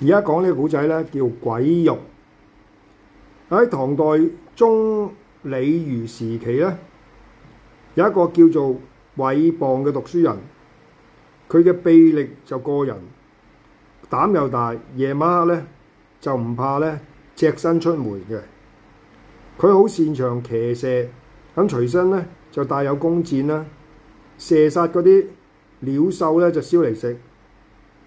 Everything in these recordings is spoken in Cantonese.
而家講呢個古仔咧，叫《鬼肉》。喺唐代中李儒時期咧，有一個叫做魏磅嘅讀書人，佢嘅臂力就過人，膽又大，夜晚黑咧就唔怕咧，隻身出門嘅。佢好擅長騎射，咁隨身咧就帶有弓箭啦，射殺嗰啲鳥獸咧就燒嚟食。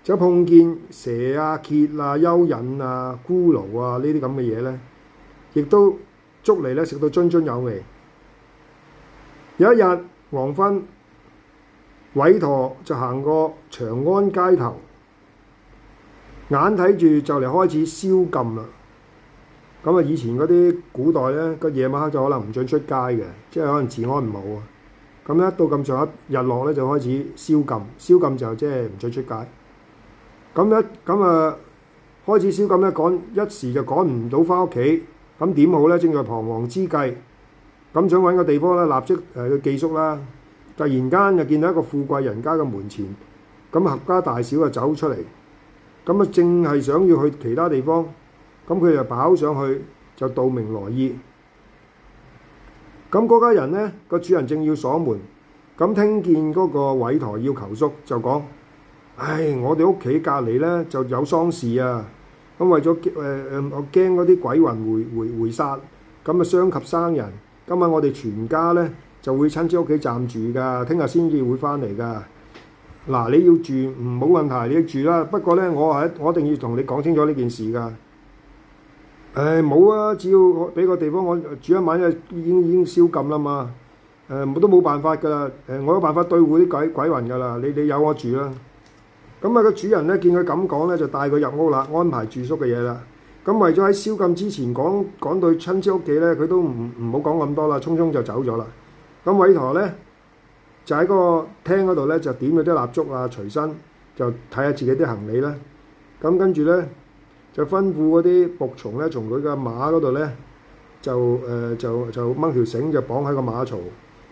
就碰見蛇啊、蠍啊、蚯蚓啊、骷髏啊呢啲咁嘅嘢咧，亦都捉嚟咧食到津津有味。有一日黃昏，委託就行過長安街頭，眼睇住就嚟開始宵禁啦。咁啊，以前嗰啲古代咧，個夜晚黑就可能唔准出街嘅，即係可能治安唔好啊。咁咧到咁上下日落咧就開始宵禁，宵禁就即係唔准出街。咁一咁啊，開始燒咁咧，趕一時就趕唔到返屋企，咁點好咧？正在彷徨之際，咁想搵個地方咧，立即誒去、呃、寄宿啦。突然間就見到一個富貴人家嘅門前，咁合家大小就走出嚟，咁啊正係想要去其他地方，咁佢就跑上去就道明來意。咁嗰家人咧，個主人正要鎖門，咁聽見嗰個委託要求宿，就講。唉，我哋屋企隔離咧就有喪事啊！咁、嗯、為咗誒誒，我驚嗰啲鬼魂回回回殺，咁啊傷及生人。今晚我哋全家咧就會親戚屋企暫住噶，聽日先至會翻嚟噶。嗱，你要住唔冇問題，你要住啦。不過咧，我係我一定要同你講清楚呢件事㗎。誒冇啊，只要俾個地方我住一晚，就已經已經燒禁啦嘛。誒、呃，都冇辦法㗎啦。誒、呃，我有辦法對付啲鬼鬼魂㗎啦。你你，你有我住啦。咁啊！個主人咧見佢咁講咧，就帶佢入屋啦，安排住宿嘅嘢啦。咁為咗喺宵禁之前講講到親戚屋企咧，佢都唔唔好講咁多啦，匆匆就走咗啦。咁韋陀咧就喺個廳嗰度咧，就點咗啲蠟燭啊，隨身就睇下自己啲行李啦。咁跟住咧就吩咐嗰啲僕從咧，從佢嘅馬嗰度咧就誒、呃、就就掹條繩就綁喺個馬槽。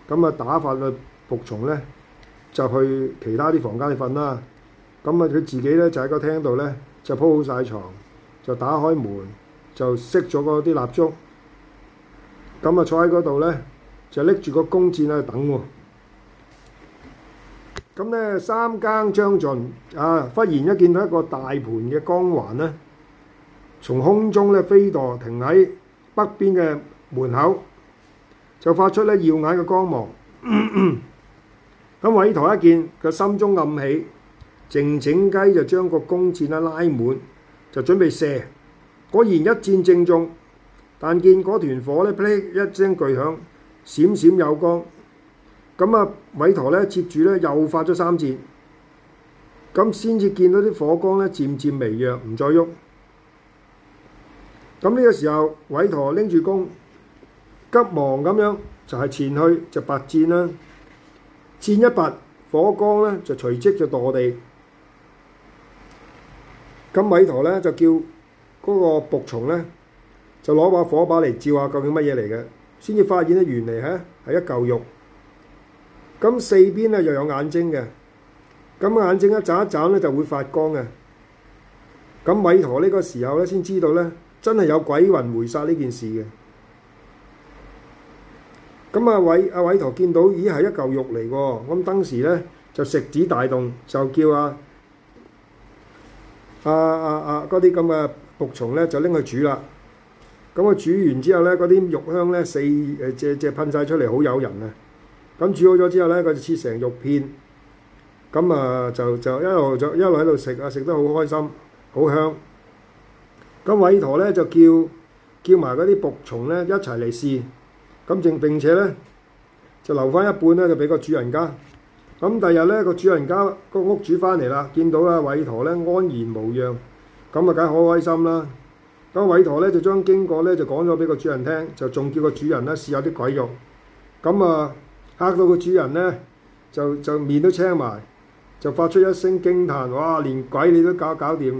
咁啊，打發個僕從咧就去其他啲房間去瞓啦。咁啊！佢自己咧就喺個廳度咧，就鋪好曬牀，就打開門，就熄咗嗰啲蠟燭。咁啊，坐喺嗰度咧，就拎住個弓箭喺度等喎。咁咧，三更將盡啊！忽然一見到一個大盤嘅光環咧，從空中咧飛墮停喺北邊嘅門口，就發出咧耀眼嘅光芒。咁偉台一見，佢心中暗起。靜靜雞就將個弓箭咧拉滿，就準備射。果然一箭正中，但見嗰團火咧，噼！一聲巨響，閃閃有光。咁啊，偉陀咧接住咧又發咗三箭，咁先至見到啲火光咧漸漸微弱，唔再喐。咁呢個時候，偉陀拎住弓，急忙咁樣就係前去就拔箭啦。箭一拔，火光咧就隨即就墮地。咁偉陀咧就叫嗰個僕從咧，就攞把火把嚟照下究竟乜嘢嚟嘅，先至發現咧原嚟咧係一嚿肉。咁四邊咧又有眼睛嘅，咁眼睛一眨一眨咧就會發光嘅。咁偉陀呢個時候咧先知道咧，真係有鬼魂回殺呢件事嘅。咁阿偉阿偉陀見到咦係一嚿肉嚟喎，咁當時咧就食指大動，就叫阿。啊啊啊！嗰啲咁嘅僕從咧，就拎去煮啦。咁啊煮完之後咧，嗰啲肉香咧四誒即即噴晒出嚟，好誘人啊！咁煮好咗之後咧，佢就切成肉片，咁啊就就一路就一路喺度食啊，食得好開心，好香。咁委陀咧就叫叫埋嗰啲僕從咧一齊嚟試。咁並並且咧就留翻一半咧，就俾個主人家。咁第日咧個主人家個屋主翻嚟啦，見到阿偉陀咧安然無恙，咁啊梗係好開心啦。咁偉陀咧就將經過咧就講咗俾個主人聽，就仲叫個主人咧試下啲鬼肉。咁啊嚇到個主人咧就就面都青埋，就發出一聲驚歎：哇！連鬼你都搞搞掂！